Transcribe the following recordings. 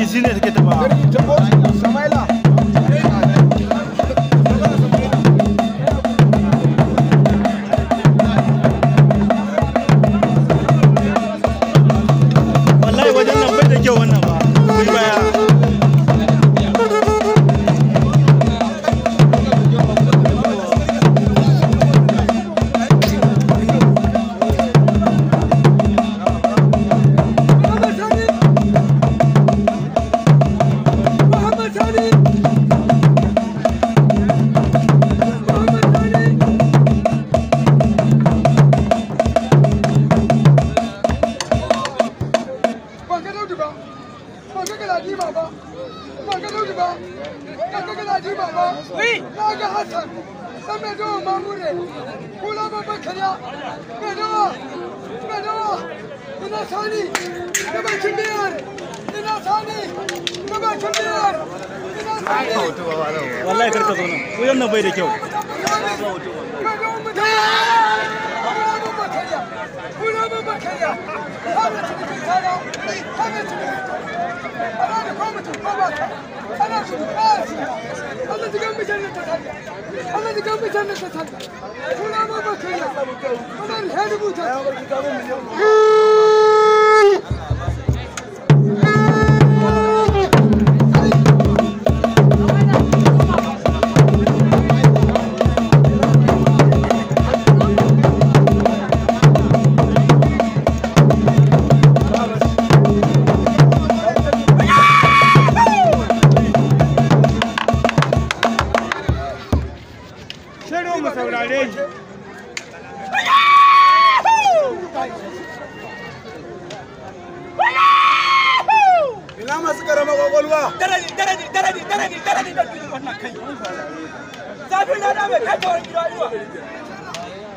dizine ba na ga galaji ba na ga hassan san mai kula ina sani da biyar ina sani biyar wallahi karka zo nan bai da kyau انا ماشي الله تقوم جنتك الله تقوم جنتك ولا ما بكر ولا الحين بوتك saurare shi ina masu karama kwakwalwa daradi daradi daradi daradi daradi da duniya wannan kai zafin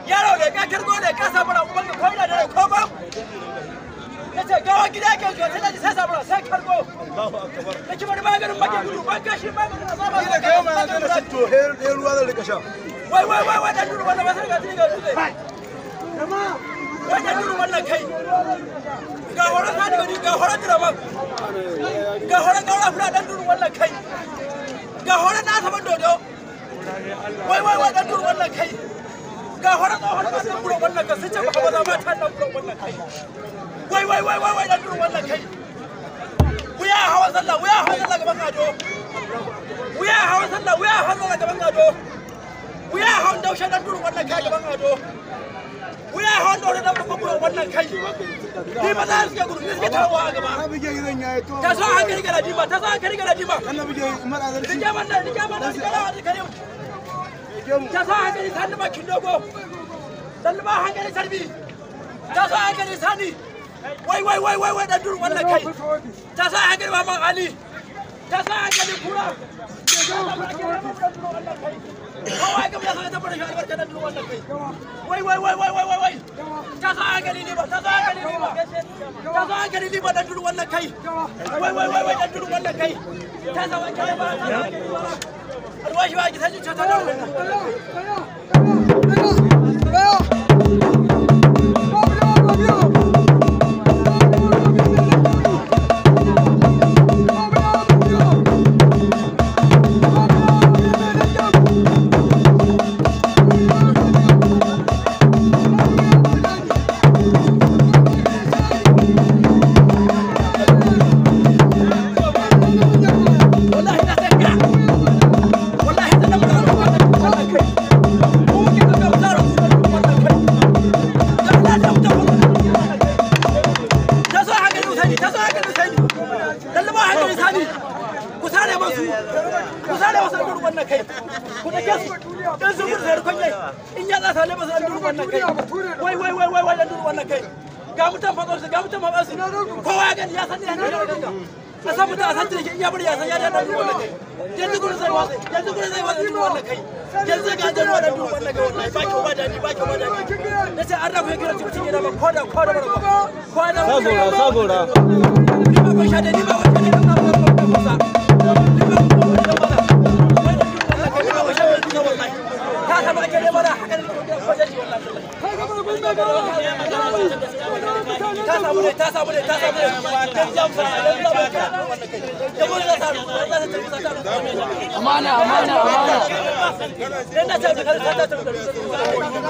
yaro ka ka ina ko ba ya ce gida ke sai ban her ruwa zan rika sha wai wai wai wai dan duru wannan ba sarka tuni ga dutse wai dan duru wannan kai ga horon ka daga ga horon diraman ga horon gaura fura dan duru wannan kai ga horon na saman dodo wai wai wai dan duru wannan kai ga horon tsohon ka sun buro wannan ka sun ce ba ba za ma ta nan buro wannan kai wai wai wai wai wai dan duru wannan kai wuya hawa sallah wuya hawa sallah gaban gado wuya hawa sallah wuya hawa sallah gaban gado wuya hon daushe dan duru wannan kai ado wuya daushe dan kuma wannan kai ni ba za su gudu gaba gidan yayi to ta so an kari gara dima ta so an kari gara dima kana bige dike wannan dike wannan dike ta so an kari sanda bakin dogo sanda ba an kari sarbi ta so an kari sani wai wai wai wai dan duru wannan kai ta an kari ali ta an kari kura Kawai ga mai ta fara shi albarka da duk wannan kai. Wai wai wai wai wai wai. Ta zo an gani liba, ta zo an gani liba. Ta zo da duk wannan kai. Wai wai wai wai duk wannan kai. Ta zo an gani liba, ta zo an gani liba. Alwashi ba ki sai ta dawo. wai wai wai wai wai yanzu wannan kai ga mutan fatsar su ga mutan fatsar su kowa ya gani ya san ne a san mutum a san cire iya bari ya san ya da dan wannan kai yanzu gurin zai watsi yanzu gurin zai watsi wannan kai yanzu ga dan wannan duk wannan kai wallahi ba ki ba dadi ba ki ba dadi nace an rafa kira cikin gida ba ko da ko da ba ko da sabora sabora ni ba ban sha dadi ba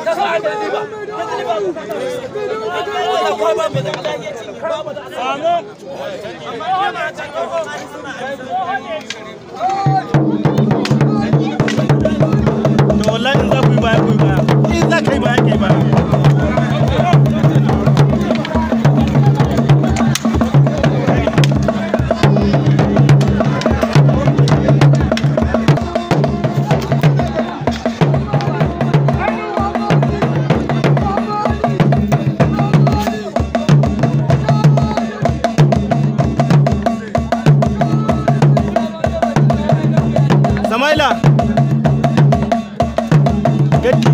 to lan za ku yi baya ku yi baya in za ka yi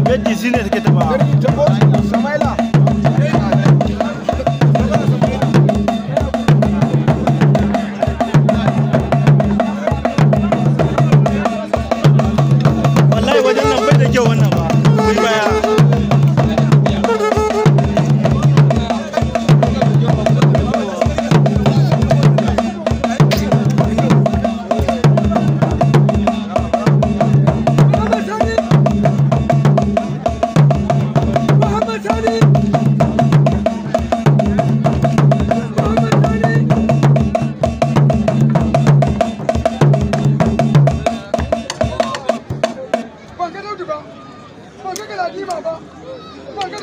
beddi zine take ta ba ba ga galadima ba ba ga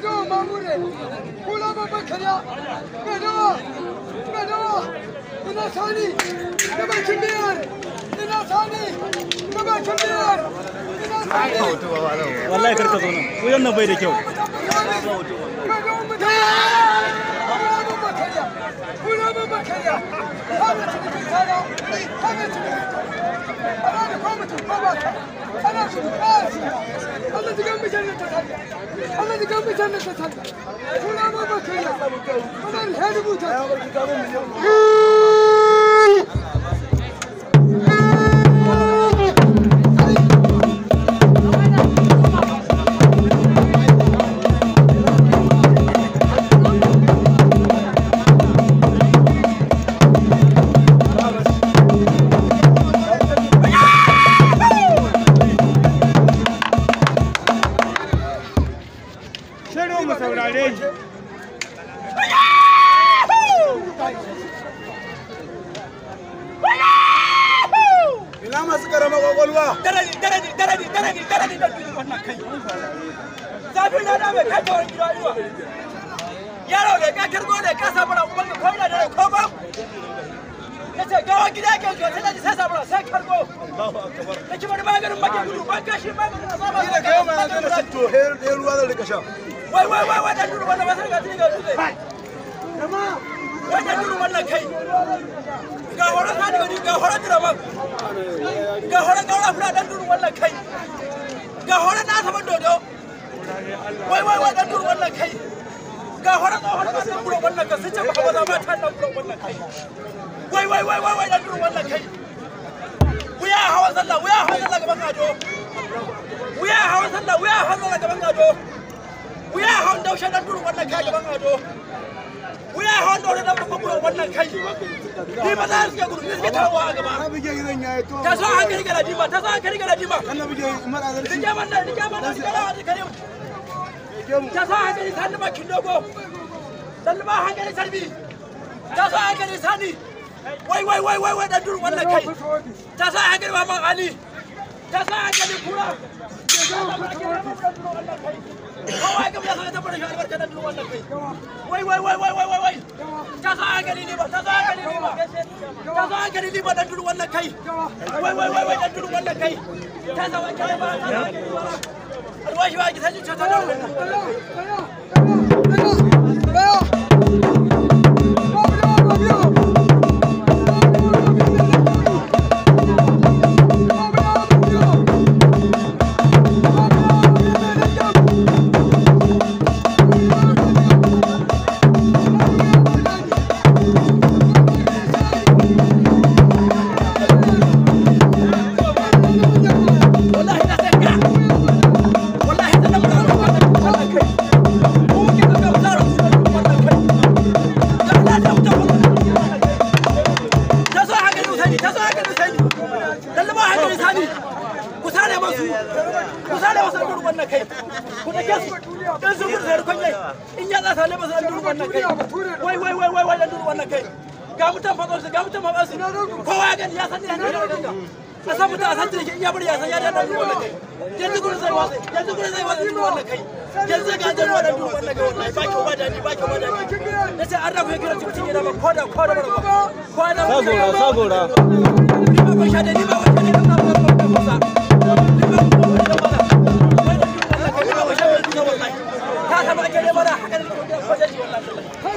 daudu ba kula babban karya da bakin biyar Kurama bakaya. Hana cikin sana, hana cikin ana da kwa mutum ko ba ka, ana da ba hadibuta. Yahoo! Ina masu karama kwakwalwa? Daradi, daradi, daradi, wai wai wai wai dan duru wannan ba sarka tuni ga dutse wai dan duru wannan kai ga horon ka daga ga horon diraman ga horon kaura fura dan duru wannan kai ga horon na saman dodo wai wai wai dan duru wannan kai ga horon tsohon ka sun buro wannan ka sun ce ba ba ta nan buro wannan kai wai wai wai wai wai dan duru wannan kai wuya hawa sallah wuya hawa sallah gaban gado wuya hawa sallah wuya hawa sallah gaban gado wuya hawan daushe na duru wannan kai gaban ado wuya hawan daushe na kuma kuma ni ba a gaba ta so an kari garaji ba ta so an kari garaji ba rike wannan rike wannan rike lawa da karim ta so an kari sani bakin dogo sani ba an kari sarbi ta so an kari wai wai wai wai wai da duru wannan kai ta ali ta so an kura Kawai ga ya zo ya tabbata shi albarka da duk wannan dan sun furta kwanye in ya za ta kai wai wai wai wai wai kai ga mutan ga mutan su kowa ya gani ya san ne a san mutum a san in ya bari ya san ya kai yanzu gurin zai yanzu gurin zai kai yanzu ga kai wallahi ba ba ba ba nace an rafa ya kira cikin gida ba ko da ko da ba ko da ni ba ba ba ba ba ba ba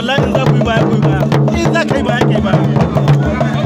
wallahi in za ku yi baya ku za